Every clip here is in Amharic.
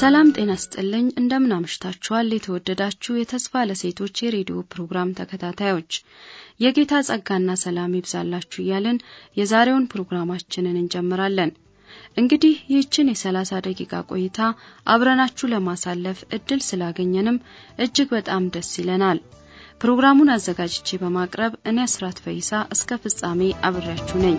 ሰላም ጤና ስጥልኝ እንደምን አምሽታችኋል የተወደዳችሁ የተስፋ ለሴቶች የሬዲዮ ፕሮግራም ተከታታዮች የጌታ ጸጋና ሰላም ይብዛላችሁ እያልን የዛሬውን ፕሮግራማችንን እንጀምራለን እንግዲህ ይህችን የሰላሳ ደቂቃ ቆይታ አብረናችሁ ለማሳለፍ እድል ስላገኘንም እጅግ በጣም ደስ ይለናል ፕሮግራሙን አዘጋጅቼ በማቅረብ እኔ አስራት ፈይሳ እስከ ፍጻሜ አብሬያችሁ ነኝ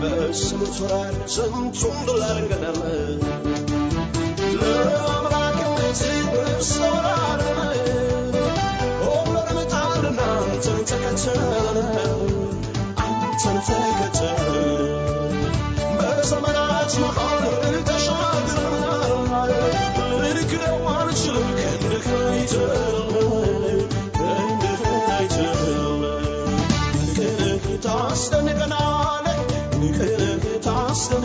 በስሙ ሶራን ስንቱም ዶላር ገደመ ለአምላክነት ብሰራርመ ኦብለር ምጣልና አንተን ተከተለ አንተን ተከተለ በዘመናት መሃል ተሻግረናል ልክደው አንችልም ክንድህ አይተናል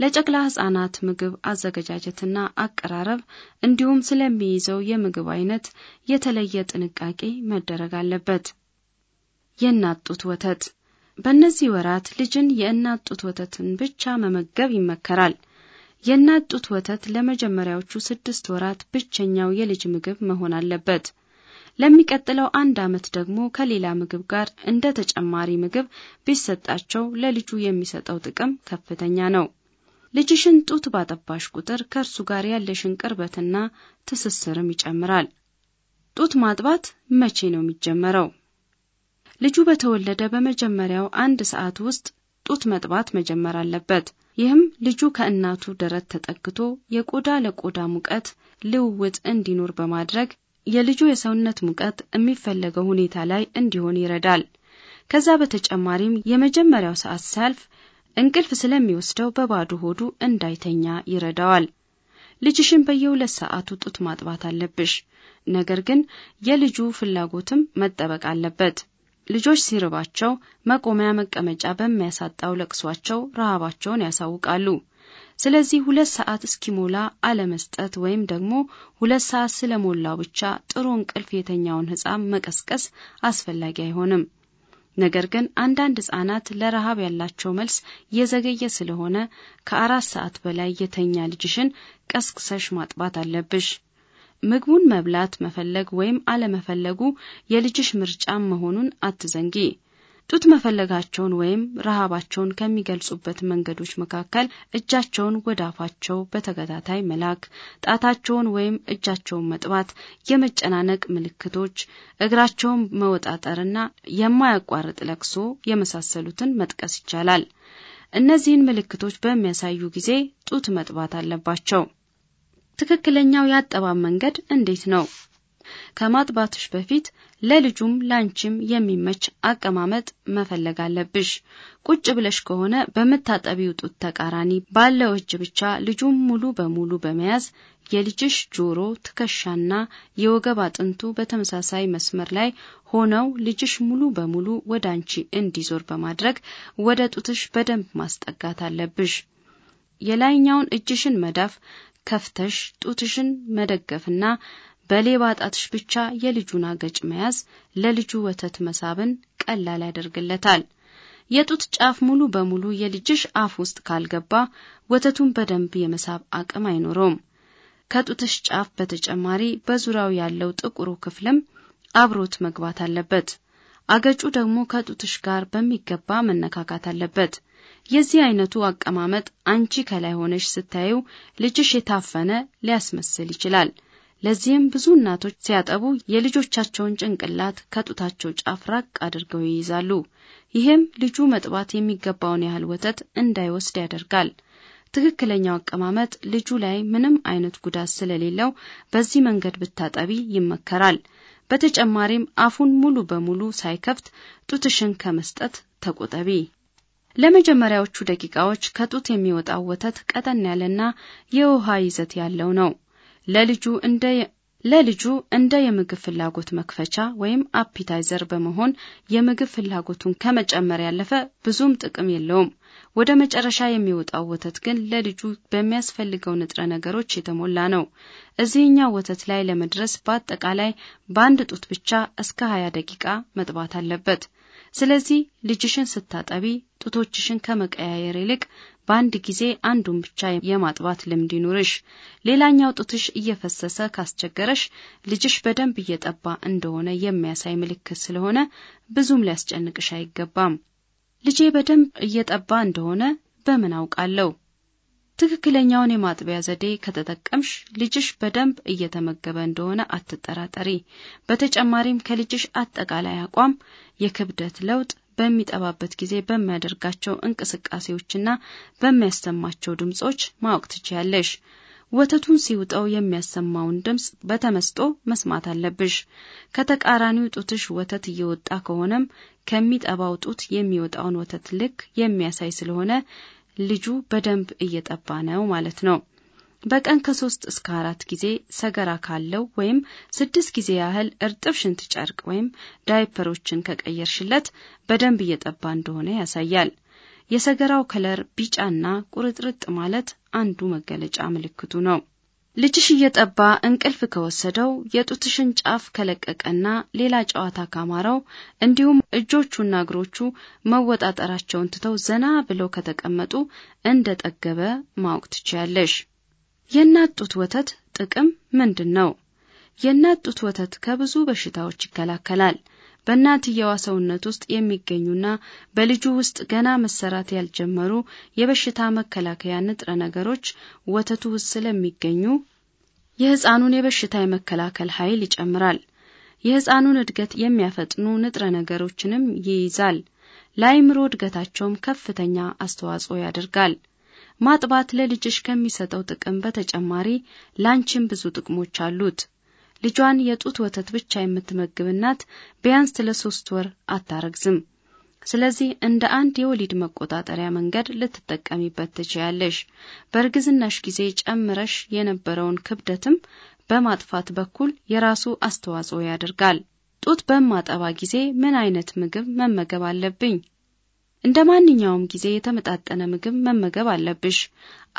ለጨቅላ ህጻናት ምግብ አዘገጃጀትና አቀራረብ እንዲሁም ስለሚይዘው የምግብ አይነት የተለየ ጥንቃቄ መደረግ አለበት። የእናት ጡት ወተት በእነዚህ ወራት ልጅን የእናት ጡት ወተትን ብቻ መመገብ ይመከራል። የእናት ጡት ወተት ለመጀመሪያዎቹ ስድስት ወራት ብቸኛው የልጅ ምግብ መሆን አለበት። ለሚቀጥለው አንድ ዓመት ደግሞ ከሌላ ምግብ ጋር እንደ ተጨማሪ ምግብ ቢሰጣቸው ለልጁ የሚሰጠው ጥቅም ከፍተኛ ነው። ልጅሽን ጡት ባጠባሽ ቁጥር ከእርሱ ጋር ያለሽን ቅርበትና ትስስርም ይጨምራል። ጡት ማጥባት መቼ ነው የሚጀመረው? ልጁ በተወለደ በመጀመሪያው አንድ ሰዓት ውስጥ ጡት መጥባት መጀመር አለበት። ይህም ልጁ ከእናቱ ደረት ተጠግቶ የቆዳ ለቆዳ ሙቀት ልውውጥ እንዲኖር በማድረግ የልጁ የሰውነት ሙቀት የሚፈለገው ሁኔታ ላይ እንዲሆን ይረዳል። ከዛ በተጨማሪም የመጀመሪያው ሰዓት ሲያልፍ እንቅልፍ ስለሚወስደው በባዶ ሆዱ እንዳይተኛ ይረዳዋል። ልጅሽን በየሁለት ሰዓቱ ጡት ማጥባት አለብሽ። ነገር ግን የልጁ ፍላጎትም መጠበቅ አለበት። ልጆች ሲርባቸው መቆሚያ መቀመጫ በሚያሳጣው ለቅሷቸው ረሃባቸውን ያሳውቃሉ። ስለዚህ ሁለት ሰዓት እስኪሞላ አለመስጠት ወይም ደግሞ ሁለት ሰዓት ስለሞላው ብቻ ጥሩ እንቅልፍ የተኛውን ሕፃን መቀስቀስ አስፈላጊ አይሆንም። ነገር ግን አንዳንድ ህጻናት ለረሃብ ያላቸው መልስ የዘገየ ስለሆነ ከአራት ሰዓት በላይ የተኛ ልጅሽን ቀስቅሰሽ ማጥባት አለብሽ። ምግቡን መብላት መፈለግ ወይም አለመፈለጉ የልጅሽ ምርጫም መሆኑን አትዘንጊ። ጡት መፈለጋቸውን ወይም ረሃባቸውን ከሚገልጹበት መንገዶች መካከል እጃቸውን ወደ አፋቸው በተከታታይ መላክ፣ ጣታቸውን ወይም እጃቸውን መጥባት፣ የመጨናነቅ ምልክቶች፣ እግራቸውን መወጣጠርና የማያቋርጥ ለቅሶ የመሳሰሉትን መጥቀስ ይቻላል። እነዚህን ምልክቶች በሚያሳዩ ጊዜ ጡት መጥባት አለባቸው። ትክክለኛው የአጠባብ መንገድ እንዴት ነው? ከማጥባትሽ በፊት ለልጁም ላንቺም የሚመች አቀማመጥ መፈለግ አለብሽ። ቁጭ ብለሽ ከሆነ በምታጠቢው ጡት ተቃራኒ ባለው እጅ ብቻ ልጁም ሙሉ በሙሉ በመያዝ የልጅሽ ጆሮ፣ ትከሻና የወገብ አጥንቱ በተመሳሳይ መስመር ላይ ሆነው ልጅሽ ሙሉ በሙሉ ወደ አንቺ እንዲዞር በማድረግ ወደ ጡትሽ በደንብ ማስጠጋት አለብሽ። የላይኛውን እጅሽን መዳፍ ከፍተሽ ጡትሽን መደገፍና በሌባ ጣትሽ ብቻ የልጁን አገጭ መያዝ ለልጁ ወተት መሳብን ቀላል ያደርግለታል። የጡት ጫፍ ሙሉ በሙሉ የልጅሽ አፍ ውስጥ ካልገባ ወተቱን በደንብ የመሳብ አቅም አይኖረውም። ከጡትሽ ጫፍ በተጨማሪ በዙሪያው ያለው ጥቁሩ ክፍልም አብሮት መግባት አለበት። አገጩ ደግሞ ከጡትሽ ጋር በሚገባ መነካካት አለበት። የዚህ አይነቱ አቀማመጥ አንቺ ከላይ ሆነሽ ስታዩ ልጅሽ የታፈነ ሊያስመስል ይችላል። ለዚህም ብዙ እናቶች ሲያጠቡ የልጆቻቸውን ጭንቅላት ከጡታቸው ጫፍ ራቅ አድርገው ይይዛሉ። ይህም ልጁ መጥባት የሚገባውን ያህል ወተት እንዳይወስድ ያደርጋል። ትክክለኛው አቀማመጥ ልጁ ላይ ምንም አይነት ጉዳት ስለሌለው በዚህ መንገድ ብታጠቢ ይመከራል። በተጨማሪም አፉን ሙሉ በሙሉ ሳይከፍት ጡትሽን ከመስጠት ተቆጠቢ። ለመጀመሪያዎቹ ደቂቃዎች ከጡት የሚወጣው ወተት ቀጠን ያለና የውሃ ይዘት ያለው ነው። ለልጁ እንደ ለልጁ እንደ የምግብ ፍላጎት መክፈቻ ወይም አፒታይዘር በመሆን የምግብ ፍላጎቱን ከመጨመር ያለፈ ብዙም ጥቅም የለውም። ወደ መጨረሻ የሚወጣው ወተት ግን ለልጁ በሚያስፈልገው ንጥረ ነገሮች የተሞላ ነው። እዚህኛው ወተት ላይ ለመድረስ በአጠቃላይ በአንድ ጡት ብቻ እስከ 20 ደቂቃ መጥባት አለበት። ስለዚህ ልጅሽን ስታጠቢ ጡቶችሽን ከመቀያየር ይልቅ በአንድ ጊዜ አንዱን ብቻ የማጥባት ልምድ ይኑርሽ። ሌላኛው ጡትሽ እየፈሰሰ ካስቸገረሽ ልጅሽ በደንብ እየጠባ እንደሆነ የሚያሳይ ምልክት ስለሆነ ብዙም ሊያስጨንቅሽ አይገባም። ልጄ በደንብ እየጠባ እንደሆነ በምን አውቃለሁ? ትክክለኛውን የማጥቢያ ዘዴ ከተጠቀምሽ ልጅሽ በደንብ እየተመገበ እንደሆነ አትጠራጠሪ። በተጨማሪም ከልጅሽ አጠቃላይ አቋም፣ የክብደት ለውጥ በሚጠባበት ጊዜ በሚያደርጋቸው እንቅስቃሴዎችና በሚያሰማቸው ድምጾች ማወቅ ትችያለሽ። ወተቱን ሲውጠው የሚያሰማውን ድምፅ በተመስጦ መስማት አለብሽ። ከተቃራኒው ጡትሽ ወተት እየወጣ ከሆነም ከሚጠባው ጡት የሚወጣውን ወተት ልክ የሚያሳይ ስለሆነ ልጁ በደንብ እየጠባ ነው ማለት ነው። በቀን ከሶስት እስከ አራት ጊዜ ሰገራ ካለው ወይም ስድስት ጊዜ ያህል እርጥብ ሽንት ጨርቅ ወይም ዳይፐሮችን ከቀየርሽለት በደንብ እየጠባ እንደሆነ ያሳያል። የሰገራው ከለር ቢጫና ቁርጥርጥ ማለት አንዱ መገለጫ ምልክቱ ነው። ልጅሽ እየጠባ እንቅልፍ ከወሰደው፣ የጡትሽን ጫፍ ከለቀቀና ሌላ ጨዋታ ካማረው፣ እንዲሁም እጆቹና እግሮቹ መወጣጠራቸውን ትተው ዘና ብለው ከተቀመጡ እንደ ጠገበ ማወቅ ትችያለሽ። የእናት ጡት ወተት ጥቅም ምንድን ነው? የእናት ጡት ወተት ከብዙ በሽታዎች ይከላከላል። በእናትየዋ ሰውነት ውስጥ የሚገኙና በልጁ ውስጥ ገና መሰራት ያልጀመሩ የበሽታ መከላከያ ንጥረ ነገሮች ወተቱ ውስጥ ስለሚገኙ የሕፃኑን የበሽታ የመከላከል ኃይል ይጨምራል። የሕፃኑን እድገት የሚያፈጥኑ ንጥረ ነገሮችንም ይይዛል። ለአይምሮ እድገታቸውም ከፍተኛ አስተዋጽኦ ያደርጋል። ማጥባት ለልጅሽ ከሚሰጠው ጥቅም በተጨማሪ ላንቺም ብዙ ጥቅሞች አሉት። ልጇን የጡት ወተት ብቻ የምትመግብ እናት ቢያንስ ለሶስት ወር አታረግዝም። ስለዚህ እንደ አንድ የወሊድ መቆጣጠሪያ መንገድ ልትጠቀሚበት ትችያለሽ። በእርግዝናሽ ጊዜ ጨምረሽ የነበረውን ክብደትም በማጥፋት በኩል የራሱ አስተዋጽኦ ያደርጋል። ጡት በማጠባ ጊዜ ምን አይነት ምግብ መመገብ አለብኝ? እንደ ማንኛውም ጊዜ የተመጣጠነ ምግብ መመገብ አለብሽ።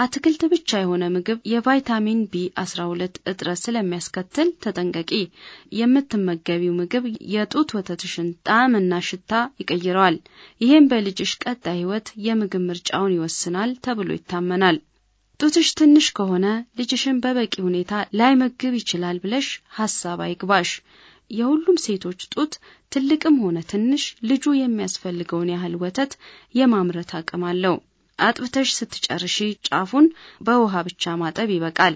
አትክልት ብቻ የሆነ ምግብ የቫይታሚን ቢ 12 እጥረት ስለሚያስከትል ተጠንቀቂ። የምትመገቢው ምግብ የጡት ወተትሽን ጣዕምና ሽታ ይቀይረዋል። ይህም በልጅሽ ቀጣይ ሕይወት የምግብ ምርጫውን ይወስናል ተብሎ ይታመናል። ጡትሽ ትንሽ ከሆነ ልጅሽን በበቂ ሁኔታ ላይመግብ ይችላል ብለሽ ሀሳብ አይግባሽ። የሁሉም ሴቶች ጡት ትልቅም ሆነ ትንሽ ልጁ የሚያስፈልገውን ያህል ወተት የማምረት አቅም አለው። አጥብተሽ ስትጨርሺ ጫፉን በውሃ ብቻ ማጠብ ይበቃል።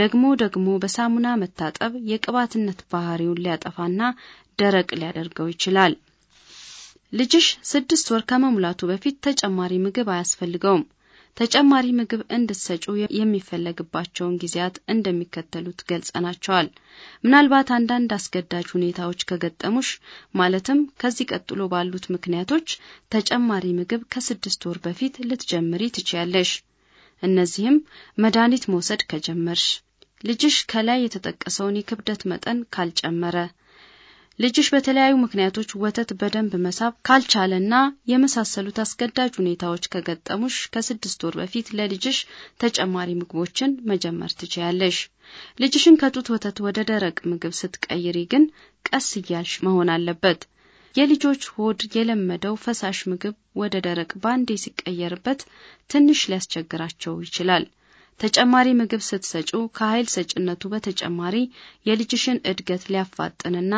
ደግሞ ደግሞ በሳሙና መታጠብ የቅባትነት ባህሪውን ሊያጠፋና ደረቅ ሊያደርገው ይችላል። ልጅሽ ስድስት ወር ከመሙላቱ በፊት ተጨማሪ ምግብ አያስፈልገውም። ተጨማሪ ምግብ እንድትሰጩ የሚፈለግባቸውን ጊዜያት እንደሚከተሉት ገልጸናቸዋል። ምናልባት አንዳንድ አስገዳጅ ሁኔታዎች ከገጠሙሽ ማለትም ከዚህ ቀጥሎ ባሉት ምክንያቶች ተጨማሪ ምግብ ከስድስት ወር በፊት ልትጀምሪ ትችያለሽ። እነዚህም መድኃኒት መውሰድ ከጀመርሽ፣ ልጅሽ ከላይ የተጠቀሰውን የክብደት መጠን ካልጨመረ ልጅሽ በተለያዩ ምክንያቶች ወተት በደንብ መሳብ ካልቻለና የመሳሰሉት አስገዳጅ ሁኔታዎች ከገጠሙሽ ከስድስት ወር በፊት ለልጅሽ ተጨማሪ ምግቦችን መጀመር ትችያለሽ። ልጅሽን ከጡት ወተት ወደ ደረቅ ምግብ ስትቀይሪ ግን ቀስ እያልሽ መሆን አለበት። የልጆች ሆድ የለመደው ፈሳሽ ምግብ ወደ ደረቅ ባንዴ ሲቀየርበት ትንሽ ሊያስቸግራቸው ይችላል። ተጨማሪ ምግብ ስትሰጩ ከኃይል ሰጭነቱ በተጨማሪ የልጅሽን እድገት ሊያፋጥንና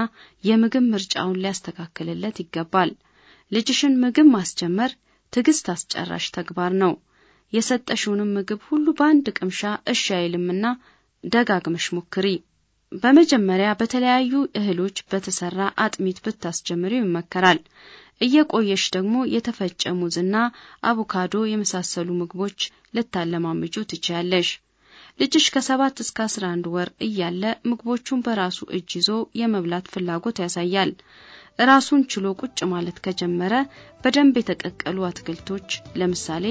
የምግብ ምርጫውን ሊያስተካክልለት ይገባል። ልጅሽን ምግብ ማስጀመር ትዕግስት አስጨራሽ ተግባር ነው። የሰጠሽውንም ምግብ ሁሉ በአንድ ቅምሻ እሺ አይልምና ደጋግመሽ ሞክሪ። በመጀመሪያ በተለያዩ እህሎች በተሰራ አጥሚት ብታስጀምሪው ይመከራል። እየቆየሽ ደግሞ የተፈጨ ሙዝና አቮካዶ የመሳሰሉ ምግቦች ልታለማምጁ ትችያለሽ። ልጅሽ ከሰባት እስከ አስራ አንድ ወር እያለ ምግቦቹን በራሱ እጅ ይዞ የመብላት ፍላጎት ያሳያል። ራሱን ችሎ ቁጭ ማለት ከጀመረ በደንብ የተቀቀሉ አትክልቶች ለምሳሌ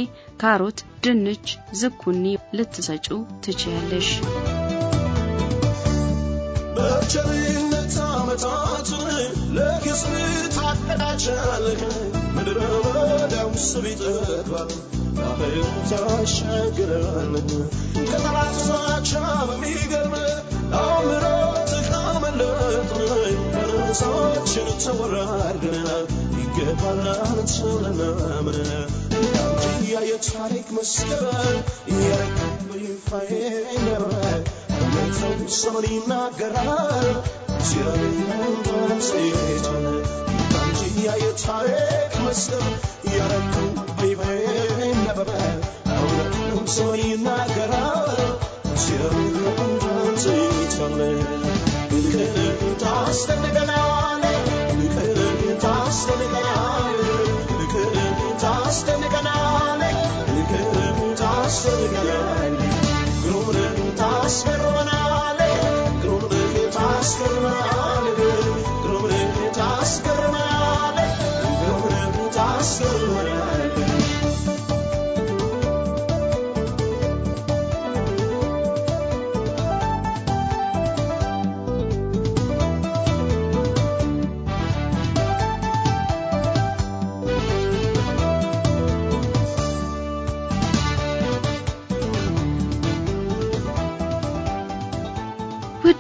ካሮት፣ ድንች፣ ዝኩኒ ልትሰጩ ትችያለሽ። ዓመታትን ለክስብት አቀዳቻለህ ምድረ በዳው ስቢጠባል ባህር ታሻግረን ከጠላት በሚገርም አምረ ተካመለጥን ከራሳችን ተወራርድን ይገባናል ስለናምን ያንቺ የታሪክ መስቀል የረከበ ይፋዬ ነበር somebody ይናገራል ሲረንበንስ ጌታነ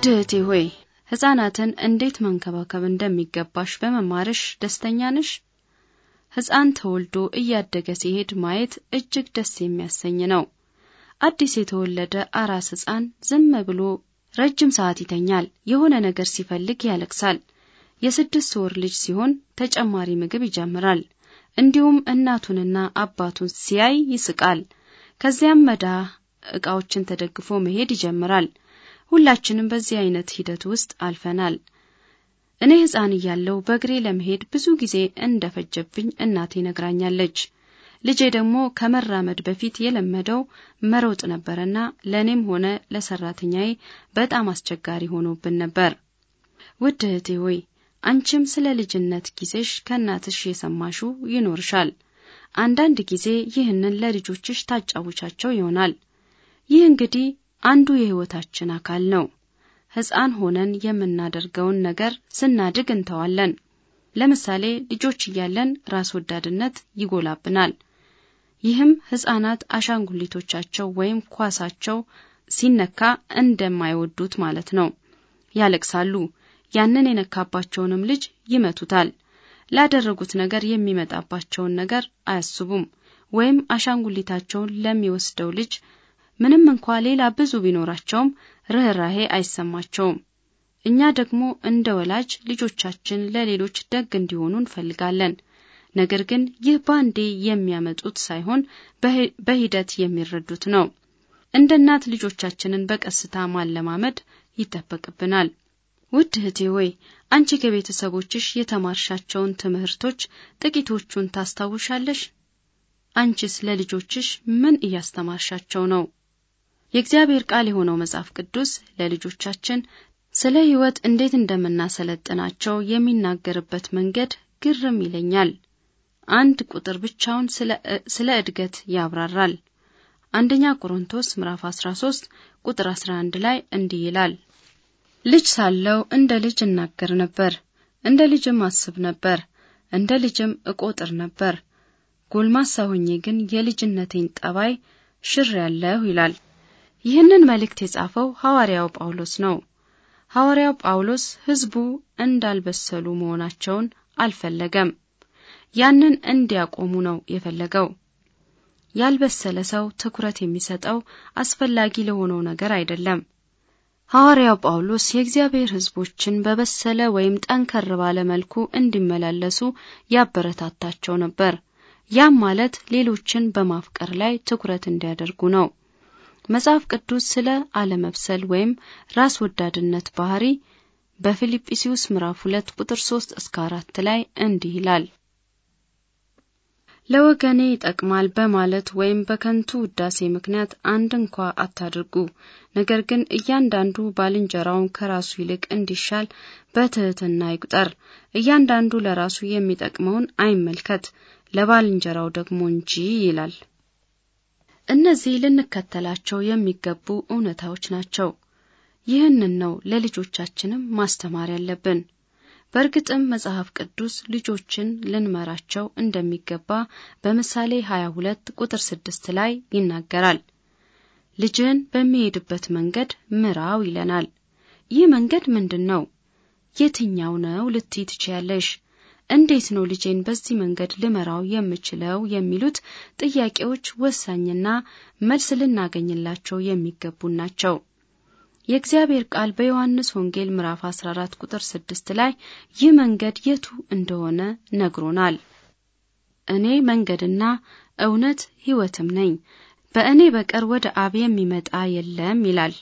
ውድ እህቴ ሆይ ሕፃናትን እንዴት መንከባከብ እንደሚገባሽ በመማርሽ ደስተኛ ነሽ? ሕፃን ተወልዶ እያደገ ሲሄድ ማየት እጅግ ደስ የሚያሰኝ ነው። አዲስ የተወለደ አራስ ሕፃን ዝም ብሎ ረጅም ሰዓት ይተኛል። የሆነ ነገር ሲፈልግ ያለቅሳል። የስድስት ወር ልጅ ሲሆን ተጨማሪ ምግብ ይጀምራል። እንዲሁም እናቱንና አባቱን ሲያይ ይስቃል። ከዚያም መዳ ዕቃዎችን ተደግፎ መሄድ ይጀምራል። ሁላችንም በዚህ አይነት ሂደት ውስጥ አልፈናል። እኔ ሕፃን እያለሁ በእግሬ ለመሄድ ብዙ ጊዜ እንደፈጀብኝ እናቴ ነግራኛለች። ልጄ ደግሞ ከመራመድ በፊት የለመደው መሮጥ ነበረና ለእኔም ሆነ ለሰራተኛዬ በጣም አስቸጋሪ ሆኖብን ነበር። ውድ እህቴ ሆይ አንቺም ስለ ልጅነት ጊዜሽ ከእናትሽ የሰማሹ ይኖርሻል። አንዳንድ ጊዜ ይህንን ለልጆችሽ ታጫውቻቸው ይሆናል። ይህ እንግዲህ አንዱ የሕይወታችን አካል ነው። ሕፃን ሆነን የምናደርገውን ነገር ስናድግ እንተዋለን። ለምሳሌ ልጆች እያለን ራስ ወዳድነት ይጎላብናል። ይህም ሕፃናት አሻንጉሊቶቻቸው ወይም ኳሳቸው ሲነካ እንደማይወዱት ማለት ነው። ያለቅሳሉ። ያንን የነካባቸውንም ልጅ ይመቱታል። ላደረጉት ነገር የሚመጣባቸውን ነገር አያስቡም። ወይም አሻንጉሊታቸውን ለሚወስደው ልጅ ምንም እንኳ ሌላ ብዙ ቢኖራቸውም ርኅራሄ አይሰማቸውም። እኛ ደግሞ እንደ ወላጅ ልጆቻችን ለሌሎች ደግ እንዲሆኑ እንፈልጋለን። ነገር ግን ይህ ባንዴ የሚያመጡት ሳይሆን በሂደት የሚረዱት ነው። እንደ እናት ልጆቻችንን በቀስታ ማለማመድ ይጠበቅብናል። ውድ እህቴ ሆይ አንቺ ከቤተሰቦችሽ የተማርሻቸውን ትምህርቶች ጥቂቶቹን ታስታውሻለሽ? አንቺስ ለልጆችሽ ምን እያስተማርሻቸው ነው? የእግዚአብሔር ቃል የሆነው መጽሐፍ ቅዱስ ለልጆቻችን ስለ ሕይወት እንዴት እንደምናሰለጥናቸው የሚናገርበት መንገድ ግርም ይለኛል። አንድ ቁጥር ብቻውን ስለ እድገት ያብራራል። አንደኛ ቆሮንቶስ ምዕራፍ 13 ቁጥር 11 ላይ እንዲህ ይላል፣ ልጅ ሳለው እንደ ልጅ እናገር ነበር፣ እንደ ልጅም አስብ ነበር፣ እንደ ልጅም እቆጥር ነበር። ጎልማሳ ሆኜ ግን የልጅነቴን ጠባይ ሽር ያለሁ ይላል። ይህንን መልእክት የጻፈው ሐዋርያው ጳውሎስ ነው። ሐዋርያው ጳውሎስ ሕዝቡ እንዳልበሰሉ መሆናቸውን አልፈለገም። ያንን እንዲያቆሙ ነው የፈለገው። ያልበሰለ ሰው ትኩረት የሚሰጠው አስፈላጊ ለሆነው ነገር አይደለም። ሐዋርያው ጳውሎስ የእግዚአብሔር ሕዝቦችን በበሰለ ወይም ጠንከር ባለ መልኩ እንዲመላለሱ ያበረታታቸው ነበር። ያም ማለት ሌሎችን በማፍቀር ላይ ትኩረት እንዲያደርጉ ነው። መጽሐፍ ቅዱስ ስለ አለመብሰል ወይም ራስ ወዳድነት ባህሪ በፊልጵስዩስ ምዕራፍ 2 ቁጥር 3 እስከ 4 ላይ እንዲህ ይላል ለወገኔ ይጠቅማል በማለት ወይም በከንቱ ውዳሴ ምክንያት አንድ እንኳ አታድርጉ። ነገር ግን እያንዳንዱ ባልንጀራውን ከራሱ ይልቅ እንዲሻል በትህትና ይቁጠር። እያንዳንዱ ለራሱ የሚጠቅመውን አይመልከት፣ ለባልንጀራው ደግሞ እንጂ ይላል። እነዚህ ልንከተላቸው የሚገቡ እውነታዎች ናቸው። ይህንን ነው ለልጆቻችንም ማስተማር ያለብን። በእርግጥም መጽሐፍ ቅዱስ ልጆችን ልንመራቸው እንደሚገባ በምሳሌ 22 ቁጥር 6 ላይ ይናገራል። ልጅን በሚሄድበት መንገድ ምራው ይለናል። ይህ መንገድ ምንድን ነው? የትኛው ነው ልትይ ትችያለሽ? እንዴት ነው ልጄን በዚህ መንገድ ልመራው የምችለው የሚሉት ጥያቄዎች ወሳኝና መልስ ልናገኝላቸው የሚገቡን ናቸው። የእግዚአብሔር ቃል በዮሐንስ ወንጌል ምዕራፍ 14 ቁጥር 6 ላይ ይህ መንገድ የቱ እንደሆነ ነግሮናል። እኔ መንገድና እውነት ሕይወትም ነኝ፣ በእኔ በቀር ወደ አብ የሚመጣ የለም ይላል።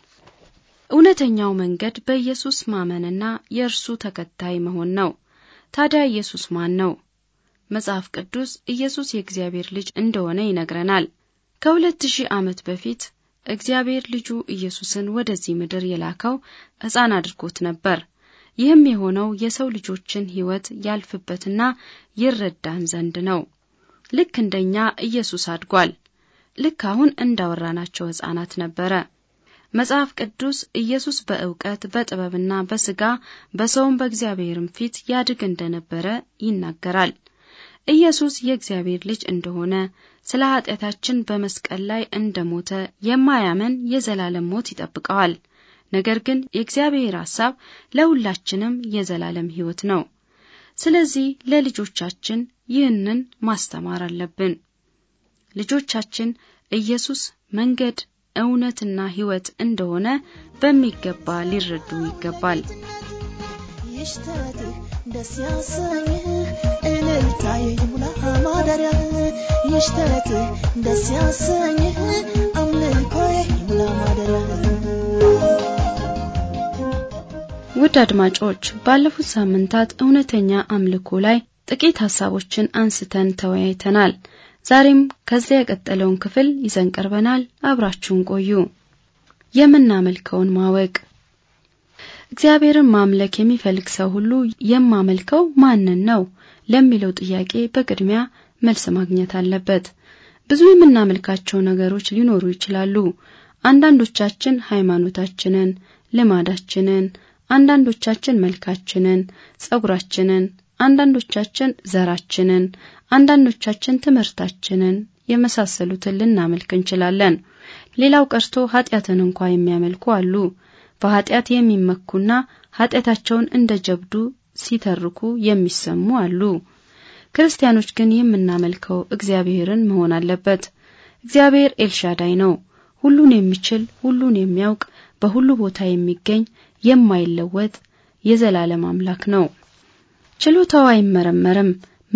እውነተኛው መንገድ በኢየሱስ ማመንና የእርሱ ተከታይ መሆን ነው። ታዲያ ኢየሱስ ማን ነው? መጽሐፍ ቅዱስ ኢየሱስ የእግዚአብሔር ልጅ እንደሆነ ይነግረናል። ከሁለት ሺህ ዓመት በፊት እግዚአብሔር ልጁ ኢየሱስን ወደዚህ ምድር የላከው ሕፃን አድርጎት ነበር። ይህም የሆነው የሰው ልጆችን ሕይወት ያልፍበትና ይረዳን ዘንድ ነው። ልክ እንደኛ ኢየሱስ አድጓል። ልክ አሁን እንዳወራናቸው ሕፃናት ነበረ። መጽሐፍ ቅዱስ ኢየሱስ በእውቀት በጥበብና በስጋ በሰውም በእግዚአብሔርም ፊት ያድግ እንደነበረ ይናገራል። ኢየሱስ የእግዚአብሔር ልጅ እንደሆነ ስለ ኃጢአታችን በመስቀል ላይ እንደሞተ የማያመን የዘላለም ሞት ይጠብቀዋል። ነገር ግን የእግዚአብሔር ሐሳብ ለሁላችንም የዘላለም ሕይወት ነው። ስለዚህ ለልጆቻችን ይህንን ማስተማር አለብን። ልጆቻችን ኢየሱስ መንገድ፣ እውነትና ሕይወት እንደሆነ በሚገባ ሊረዱ ይገባል። ደስ ያሰኝህ ውድ አድማጮች ባለፉት ሳምንታት እውነተኛ አምልኮ ላይ ጥቂት ሀሳቦችን አንስተን ተወያይተናል። ዛሬም ከዚያ የቀጠለውን ክፍል ይዘን ቀርበናል። አብራችሁን ቆዩ። የምናመልከውን ማወቅ እግዚአብሔርን ማምለክ የሚፈልግ ሰው ሁሉ የማመልከው ማንን ነው ለሚለው ጥያቄ በቅድሚያ መልስ ማግኘት አለበት። ብዙ የምናመልካቸው ነገሮች ሊኖሩ ይችላሉ። አንዳንዶቻችን ሃይማኖታችንን፣ ልማዳችንን፣ አንዳንዶቻችን መልካችንን፣ ጸጉራችንን፣ አንዳንዶቻችን ዘራችንን፣ አንዳንዶቻችን ትምህርታችንን የመሳሰሉትን ልናመልክ እንችላለን። ሌላው ቀርቶ ኃጢአትን እንኳ የሚያመልኩ አሉ። በኃጢአት የሚመኩና ኃጢአታቸውን እንደ ጀብዱ ሲተርኩ የሚሰሙ አሉ። ክርስቲያኖች ግን የምናመልከው እግዚአብሔርን መሆን አለበት። እግዚአብሔር ኤልሻዳይ ነው። ሁሉን የሚችል ሁሉን የሚያውቅ በሁሉ ቦታ የሚገኝ የማይለወጥ የዘላለም አምላክ ነው። ችሎታው አይመረመርም፣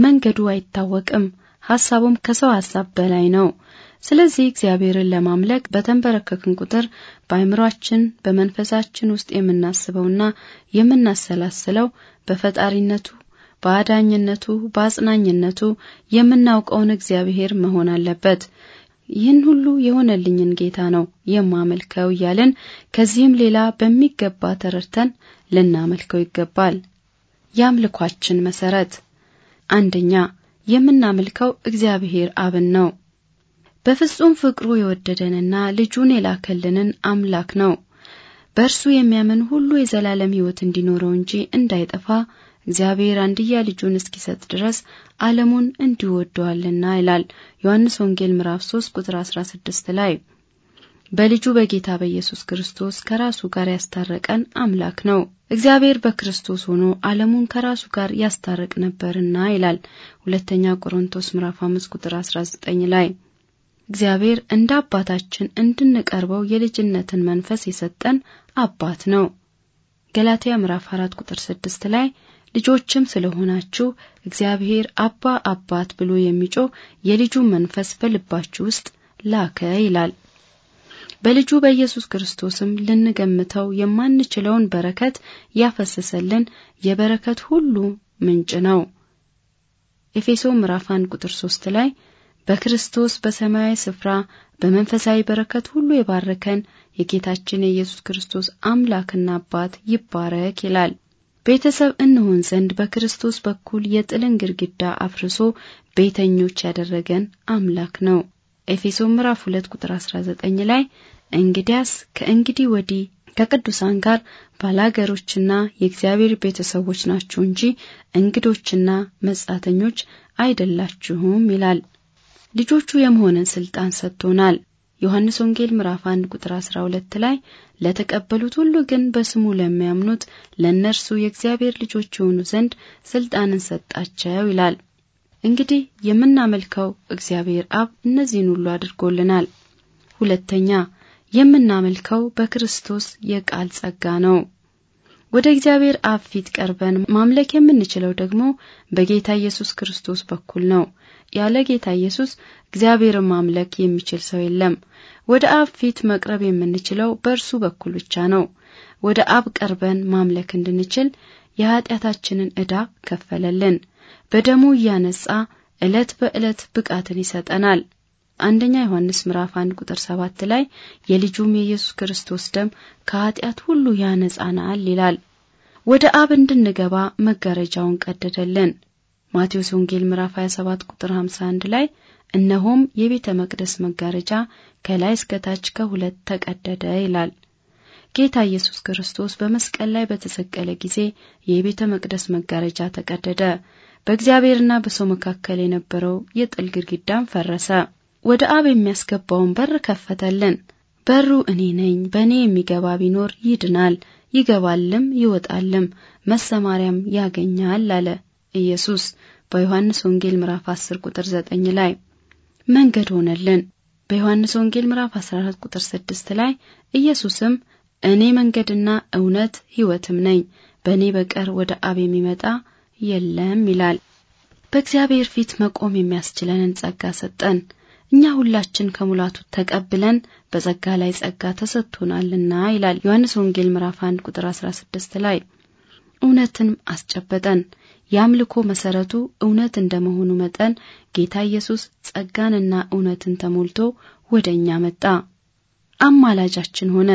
መንገዱ አይታወቅም፣ ሐሳቡም ከሰው ሐሳብ በላይ ነው። ስለዚህ እግዚአብሔርን ለማምለክ በተንበረከክን ቁጥር በአእምሯችን በመንፈሳችን ውስጥ የምናስበውና የምናሰላስለው በፈጣሪነቱ በአዳኝነቱ በአጽናኝነቱ የምናውቀውን እግዚአብሔር መሆን አለበት። ይህን ሁሉ የሆነልኝን ጌታ ነው የማመልከው እያልን ከዚህም ሌላ በሚገባ ተረድተን ልናመልከው ይገባል። የአምልኳችን መሰረት አንደኛ የምናመልከው እግዚአብሔር አብን ነው። በፍጹም ፍቅሩ የወደደንና ልጁን የላከልንን አምላክ ነው። በእርሱ የሚያምን ሁሉ የዘላለም ሕይወት እንዲኖረው እንጂ እንዳይጠፋ እግዚአብሔር አንድያ ልጁን እስኪሰጥ ድረስ ዓለሙን እንዲወደዋልና ይላል ዮሐንስ ወንጌል ምዕራፍ 3 ቁጥር 16 ላይ በልጁ በጌታ በኢየሱስ ክርስቶስ ከራሱ ጋር ያስታረቀን አምላክ ነው። እግዚአብሔር በክርስቶስ ሆኖ ዓለሙን ከራሱ ጋር ያስታረቅ ነበርና ይላል ሁለተኛ ቆሮንቶስ ምዕራፍ 5 ቁጥር 19 ላይ እግዚአብሔር እንደ አባታችን እንድንቀርበው የልጅነትን መንፈስ የሰጠን አባት ነው። ገላትያ ምዕራፍ 4 ቁጥር 6 ላይ ልጆችም ስለሆናችሁ እግዚአብሔር አባ አባት ብሎ የሚጮ የልጁ መንፈስ በልባችሁ ውስጥ ላከ ይላል። በልጁ በኢየሱስ ክርስቶስም ልንገምተው የማንችለውን በረከት ያፈሰሰልን የበረከት ሁሉ ምንጭ ነው። ኤፌሶ ምዕራፍ 1 ቁጥር 3 ላይ በክርስቶስ በሰማያዊ ስፍራ በመንፈሳዊ በረከት ሁሉ የባረከን የጌታችን የኢየሱስ ክርስቶስ አምላክና አባት ይባረክ ይላል። ቤተሰብ እንሆን ዘንድ በክርስቶስ በኩል የጥልን ግድግዳ አፍርሶ ቤተኞች ያደረገን አምላክ ነው። ኤፌሶ ምዕራፍ 2 ቁጥር 19 ላይ እንግዲያስ ከእንግዲህ ወዲህ ከቅዱሳን ጋር ባላገሮችና የእግዚአብሔር ቤተሰቦች ናችሁ እንጂ እንግዶችና መጻተኞች አይደላችሁም ይላል። ልጆቹ የመሆንን ስልጣን ሰጥቶናል። ዮሐንስ ወንጌል ምዕራፍ 1 ቁጥር 12 ላይ ለተቀበሉት ሁሉ ግን በስሙ ለሚያምኑት ለእነርሱ የእግዚአብሔር ልጆች የሆኑ ዘንድ ስልጣንን ሰጣቸው ይላል። እንግዲህ የምናመልከው እግዚአብሔር አብ እነዚህን ሁሉ አድርጎልናል። ሁለተኛ የምናመልከው በክርስቶስ የቃል ጸጋ ነው። ወደ እግዚአብሔር አብ ፊት ቀርበን ማምለክ የምንችለው ደግሞ በጌታ ኢየሱስ ክርስቶስ በኩል ነው። ያለ ጌታ ኢየሱስ እግዚአብሔርን ማምለክ የሚችል ሰው የለም። ወደ አብ ፊት መቅረብ የምንችለው በእርሱ በኩል ብቻ ነው። ወደ አብ ቀርበን ማምለክ እንድንችል የኃጢአታችንን ዕዳ ከፈለልን። በደሙ እያነጻ ዕለት በዕለት ብቃትን ይሰጠናል። አንደኛ ዮሐንስ ምዕራፍ 1 ቁጥር 7 ላይ የልጁም የኢየሱስ ክርስቶስ ደም ከኃጢአት ሁሉ ያነጻናል ይላል። ወደ አብ እንድንገባ መጋረጃውን ቀደደልን። ማቴዎስ ወንጌል ምዕራፍ 27 ቁጥር 51 ላይ እነሆም የቤተ መቅደስ መጋረጃ ከላይ እስከ ታች ከሁለት ተቀደደ ይላል። ጌታ ኢየሱስ ክርስቶስ በመስቀል ላይ በተሰቀለ ጊዜ የቤተ መቅደስ መጋረጃ ተቀደደ። በእግዚአብሔርና በሰው መካከል የነበረው የጥል ግድግዳም ፈረሰ። ወደ አብ የሚያስገባውን በር ከፈተልን። በሩ እኔ ነኝ። በእኔ የሚገባ ቢኖር ይድናል፣ ይገባልም ይወጣልም መሰማሪያም ያገኛል አለ ኢየሱስ በዮሐንስ ወንጌል ምዕራፍ 10 ቁጥር 9 ላይ መንገድ ሆነልን። በዮሐንስ ወንጌል ምዕራፍ 14 ቁጥር 6 ላይ ኢየሱስም እኔ መንገድና እውነት ሕይወትም ነኝ፣ በእኔ በቀር ወደ አብ የሚመጣ የለም ይላል። በእግዚአብሔር ፊት መቆም የሚያስችለንን ጸጋ ሰጠን። እኛ ሁላችን ከሙላቱ ተቀብለን በጸጋ ላይ ጸጋ ተሰጥቶናልና ይላል ዮሐንስ ወንጌል ምዕራፍ 1 ቁጥር 16 ላይ እውነትን አስጨበጠን። የአምልኮ መሰረቱ እውነት እንደመሆኑ መጠን ጌታ ኢየሱስ ጸጋንና እውነትን ተሞልቶ ወደኛ መጣ፣ አማላጃችን ሆነ።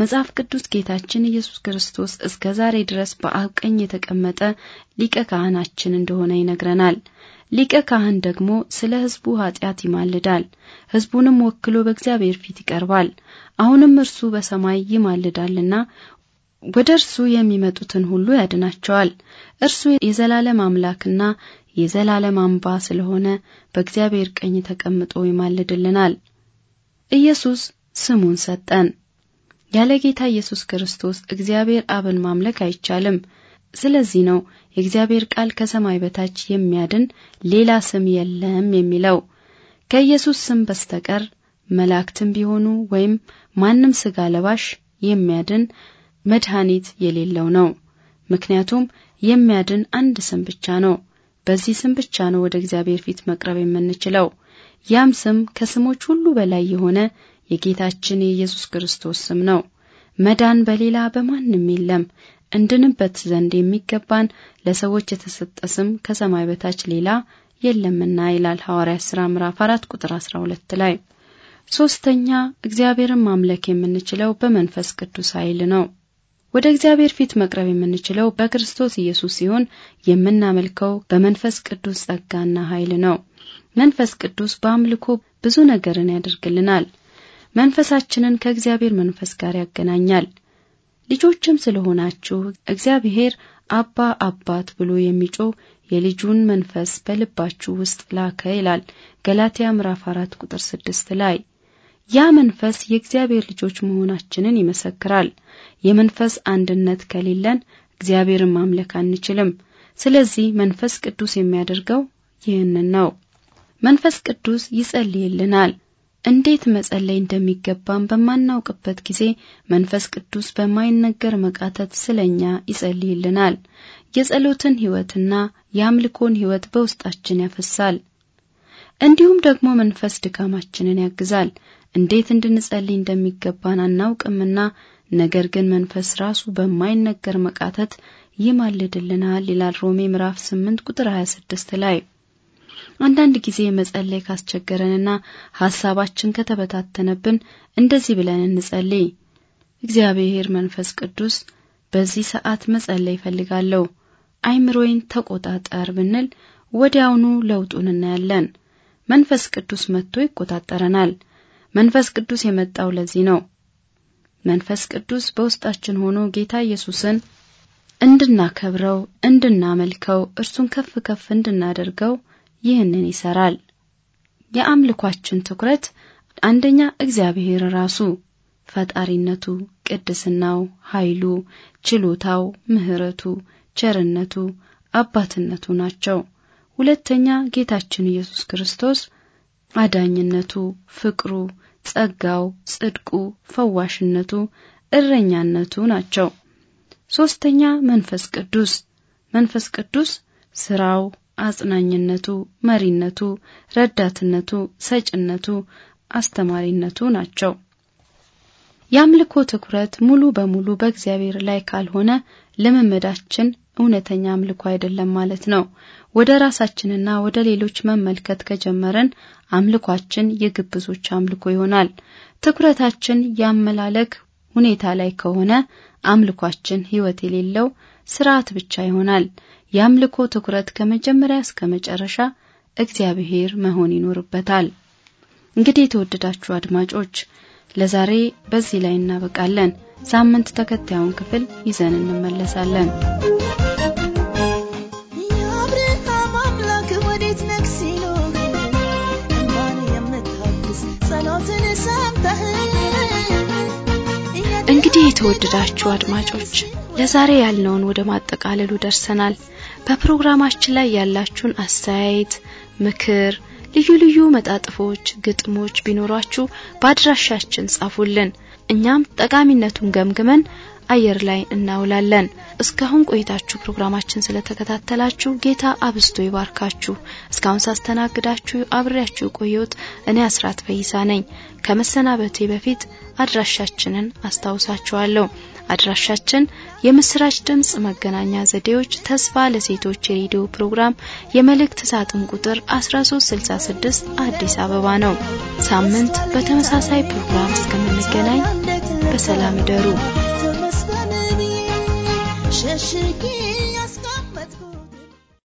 መጽሐፍ ቅዱስ ጌታችን ኢየሱስ ክርስቶስ እስከ ዛሬ ድረስ በአብ ቀኝ የተቀመጠ ሊቀ ካህናችን እንደሆነ ይነግረናል። ሊቀ ካህን ደግሞ ስለ ሕዝቡ ኃጢአት ይማልዳል፣ ሕዝቡንም ወክሎ በእግዚአብሔር ፊት ይቀርባል። አሁንም እርሱ በሰማይ ይማልዳልና ወደ እርሱ የሚመጡትን ሁሉ ያድናቸዋል። እርሱ የዘላለም አምላክና የዘላለም አምባ ስለሆነ በእግዚአብሔር ቀኝ ተቀምጦ ይማልድልናል። ኢየሱስ ስሙን ሰጠን። ያለ ጌታ ኢየሱስ ክርስቶስ እግዚአብሔር አብን ማምለክ አይቻልም። ስለዚህ ነው የእግዚአብሔር ቃል ከሰማይ በታች የሚያድን ሌላ ስም የለም የሚለው። ከኢየሱስ ስም በስተቀር መላእክትም ቢሆኑ ወይም ማንም ሥጋ ለባሽ የሚያድን መድኃኒት የሌለው ነው። ምክንያቱም የሚያድን አንድ ስም ብቻ ነው። በዚህ ስም ብቻ ነው ወደ እግዚአብሔር ፊት መቅረብ የምንችለው። ያም ስም ከስሞች ሁሉ በላይ የሆነ የጌታችን የኢየሱስ ክርስቶስ ስም ነው። መዳን በሌላ በማንም የለም። እንድንበት ዘንድ የሚገባን ለሰዎች የተሰጠ ስም ከሰማይ በታች ሌላ የለምና ይላል ሐዋርያ ሥራ ምዕራፍ 4 ቁጥር 12 ላይ። ሶስተኛ እግዚአብሔርን ማምለክ የምንችለው በመንፈስ ቅዱስ ኃይል ነው። ወደ እግዚአብሔር ፊት መቅረብ የምንችለው በክርስቶስ ኢየሱስ ሲሆን የምናመልከው በመንፈስ ቅዱስ ጸጋና ኃይል ነው። መንፈስ ቅዱስ በአምልኮ ብዙ ነገርን ያደርግልናል። መንፈሳችንን ከእግዚአብሔር መንፈስ ጋር ያገናኛል። ልጆችም ስለሆናችሁ እግዚአብሔር አባ አባት ብሎ የሚጮ የልጁን መንፈስ በልባችሁ ውስጥ ላከ ይላል ገላትያ ምዕራፍ 4 ቁጥር 6 ላይ። ያ መንፈስ የእግዚአብሔር ልጆች መሆናችንን ይመሰክራል። የመንፈስ አንድነት ከሌለን እግዚአብሔርን ማምለክ አንችልም። ስለዚህ መንፈስ ቅዱስ የሚያደርገው ይህንን ነው። መንፈስ ቅዱስ ይጸልይልናል፣ እንዴት መጸለይ እንደሚገባን በማናውቅበት ጊዜ መንፈስ ቅዱስ በማይነገር መቃተት ስለኛ ይጸልይልናል። የጸሎትን ሕይወትና የአምልኮን ሕይወት በውስጣችን ያፈሳል። እንዲሁም ደግሞ መንፈስ ድካማችንን ያግዛል። እንዴት እንድንጸልይ እንደሚገባን አናውቅምና፣ ነገር ግን መንፈስ ራሱ በማይነገር መቃተት ይማልድልናል ይላል ሮሜ ምዕራፍ 8 ቁጥር 26 ላይ አንዳንድ ጊዜ መጸለይ ካስቸገረንና ሐሳባችን ከተበታተነብን እንደዚህ ብለን እንጸልይ። እግዚአብሔር መንፈስ ቅዱስ በዚህ ሰዓት መጸለይ ይፈልጋለሁ፣ አይምሮዬን ተቆጣጠር ብንል ወዲያውኑ ለውጡን እናያለን። መንፈስ ቅዱስ መጥቶ ይቆጣጠረናል። መንፈስ ቅዱስ የመጣው ለዚህ ነው። መንፈስ ቅዱስ በውስጣችን ሆኖ ጌታ ኢየሱስን እንድናከብረው፣ እንድናመልከው፣ እርሱን ከፍ ከፍ እንድናደርገው ይህንን ይሰራል። የአምልኳችን ትኩረት አንደኛ እግዚአብሔር ራሱ ፈጣሪነቱ፣ ቅድስናው፣ ኃይሉ፣ ችሎታው፣ ምሕረቱ፣ ቸርነቱ፣ አባትነቱ ናቸው። ሁለተኛ ጌታችን ኢየሱስ ክርስቶስ አዳኝነቱ፣ ፍቅሩ፣ ጸጋው፣ ጽድቁ፣ ፈዋሽነቱ፣ እረኛነቱ ናቸው። ሶስተኛ መንፈስ ቅዱስ መንፈስ ቅዱስ ስራው፣ አጽናኝነቱ፣ መሪነቱ፣ ረዳትነቱ፣ ሰጭነቱ፣ አስተማሪነቱ ናቸው። የአምልኮ ትኩረት ሙሉ በሙሉ በእግዚአብሔር ላይ ካልሆነ ልምምዳችን እውነተኛ አምልኮ አይደለም ማለት ነው። ወደ ራሳችንና ወደ ሌሎች መመልከት ከጀመረን አምልኳችን የግብዞች አምልኮ ይሆናል። ትኩረታችን ያመላለክ ሁኔታ ላይ ከሆነ አምልኳችን ሕይወት የሌለው ስርዓት ብቻ ይሆናል። የአምልኮ ትኩረት ከመጀመሪያ እስከ መጨረሻ እግዚአብሔር መሆን ይኖርበታል። እንግዲህ የተወደዳችሁ አድማጮች ለዛሬ በዚህ ላይ እናበቃለን። ሳምንት ተከታዩን ክፍል ይዘን እንመለሳለን። የአብርሃም አምላክ ወዴት ነህ ሲሉ ጸሎትን ሰምተህ እንግዲህ የተወደዳችሁ አድማጮች ለዛሬ ያልነውን ወደ ማጠቃለሉ ደርሰናል። በፕሮግራማችን ላይ ያላችሁን አስተያየት፣ ምክር፣ ልዩ ልዩ መጣጥፎች፣ ግጥሞች ቢኖራችሁ በአድራሻችን ጻፉልን። እኛም ጠቃሚነቱን ገምግመን አየር ላይ እናውላለን። እስካሁን ቆይታችሁ ፕሮግራማችን ስለተከታተላችሁ ጌታ አብስቶ ይባርካችሁ። እስካሁን ሳስተናግዳችሁ አብሬያችሁ የቆየውት እኔ አስራት ፈይሳ ነኝ። ከመሰናበቴ በፊት አድራሻችንን አስታውሳችኋለሁ። አድራሻችን የምስራች ድምጽ መገናኛ ዘዴዎች ተስፋ ለሴቶች የሬዲዮ ፕሮግራም የመልእክት ሳጥን ቁጥር 1366 አዲስ አበባ ነው። ሳምንት በተመሳሳይ ፕሮግራም እስከምንገናኝ በሰላም ደሩ